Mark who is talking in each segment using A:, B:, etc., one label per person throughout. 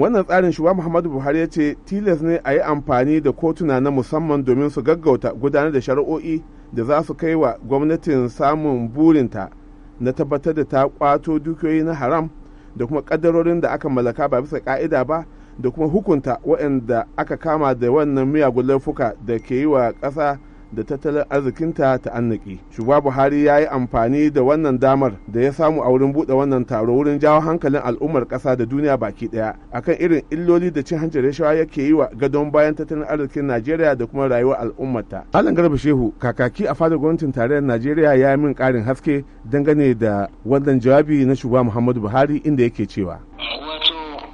A: wannan tsarin shugaba muhammadu buhari ya ce tilas ne a yi amfani da kotuna na musamman domin su gaggauta gudanar da shari'o'i da za su kai wa gwamnatin samun burinta na tabbatar da ta kwato dukiyoyi na haram da kuma kaddarorin da aka mallaka ba bisa ka'ida ba da kuma hukunta waɗanda aka kama da wannan miyagun laifuka da ke yi wa ƙasa da tattalin arzikinta ta annaki shugaba buhari ya yi amfani da wannan damar da ya samu a wurin buɗe wannan taro wurin jawo hankalin al'ummar kasa da duniya baki ɗaya akan irin illoli da cin hanci rashawa yake yi wa gadon bayan tattalin arzikin najeriya da kuma rayuwar al'ummarta alan garba shehu kakaki a fadar gwamnatin tarayyar najeriya ya yi min ƙarin haske dangane da wannan jawabi na shugaba muhammadu buhari inda yake cewa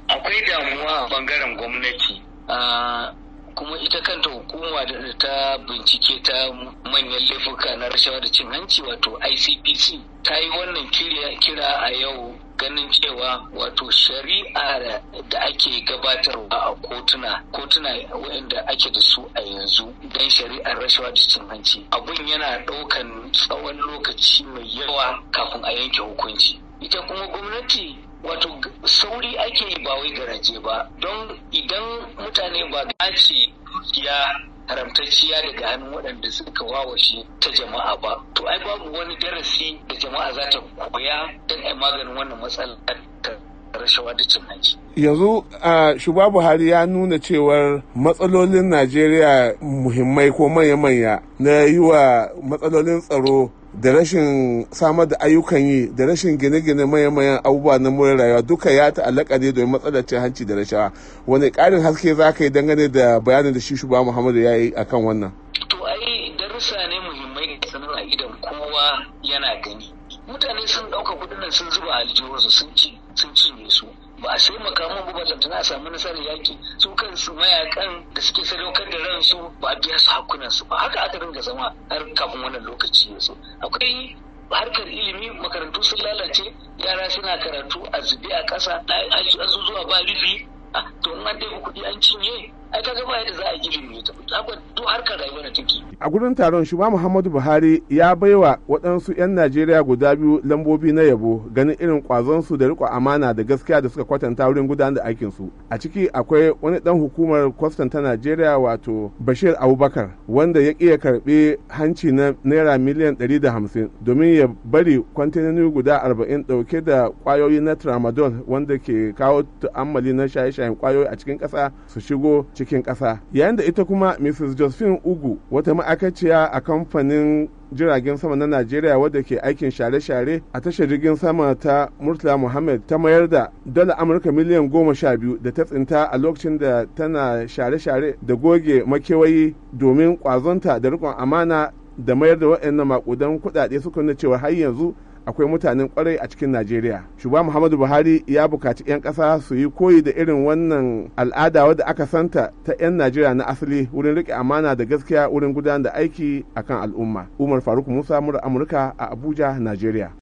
B: akwai damuwa bangaren gwamnati ah, kuma ita kanta hukuma da ta bincike ta manyan laifuka na rashawa da cin hanci wato icpc ta yi wannan kira a yau ganin cewa wato shari'a da ake gabatarwa a kotuna kotuna waɗanda ake da su a yanzu don shari'ar rashawa da cin hanci abun yana ɗaukan tsawon lokaci mai yawa kafin a yanke hukunci ita kuma gwamnati wato sauri ake yi ba wai garaje ba don idan mutane ba gaci dukiya haramtacciya daga hannun waɗanda suka wawashe ta jama'a ba to ai babu wani darasi da jama'a
A: za ta koya don ai maganin wannan matsala ta rashawa da cin hanci. Yanzu a Shuba Buhari ya nuna cewar matsalolin Najeriya muhimmai ko manya-manya na yi wa matsalolin tsaro da rashin samar da ayyukan yi da rashin gine-gine mayan abubuwa na more rayuwa duka ya ta'allaka ne domin matsalar cin hanci da rashawa wani ƙarin haske za ka yi dangane da bayanin da shi shuba muhammadu ya yi akan wannan
B: to ai darussa ne muhimmai ga sanar a idan kowa yana gani mutane sun ɗauka kuɗin nan sun zuba aljihunsu sun ci sun cinye su ba a sai makamun ba ba a samu nasarar yaki su kansu mayakan da suke sadaukar da ransu ba biya su hakunan su ba haka aka ringa zama har kafin wannan lokaci ya zo akwai harkar ilimi makarantu sun lalace yara suna karatu a zube a kasa ƙasa zuwa ba rufi ah, to in an kuɗi an cinye ai kaga yadda za a yi ilimi ta duk harkar
A: a gurin taron shugaba muhammadu buhari ya baiwa waɗansu 'yan najeriya guda biyu lambobi na yabo ganin irin su da riko amana da gaskiya da suka kwatanta wurin gudanar da aikin a ciki akwai wani ɗan hukumar kwastan ta najeriya wato bashir abubakar wanda ya iya karɓi hanci na naira miliyan 150 domin ya bari kwantenoni guda 40 ɗauke da ƙwayoyi na tramadol wanda ke kawo ta'ammali na shaye-shayen kwayoyi a cikin ƙasa su shigo cikin ƙasa yayin da ita kuma mrs josephine ugu wata ma'aikaciya a kamfanin jiragen sama na najeriya wadda ke aikin share-share a tashar jirgin sama ta murtala muhammad ta mayar da dala amurka miliyan goma sha biyu da ta tsinta a lokacin da tana share-share da goge makewayi domin kwazonta da rikon amana da mayar da waɗannan makudan kuɗaɗe suka nuna cewa har yanzu akwai mutanen kwarai a cikin najeriya shugaba muhammadu buhari ya bukaci 'yan ƙasa su yi koyi da irin wannan al'ada wadda aka santa ta 'yan najeriya na asali wurin riƙe amana da gaskiya wurin gudanar da aiki akan al'umma umar faruk musa mura amurka a abuja najeriya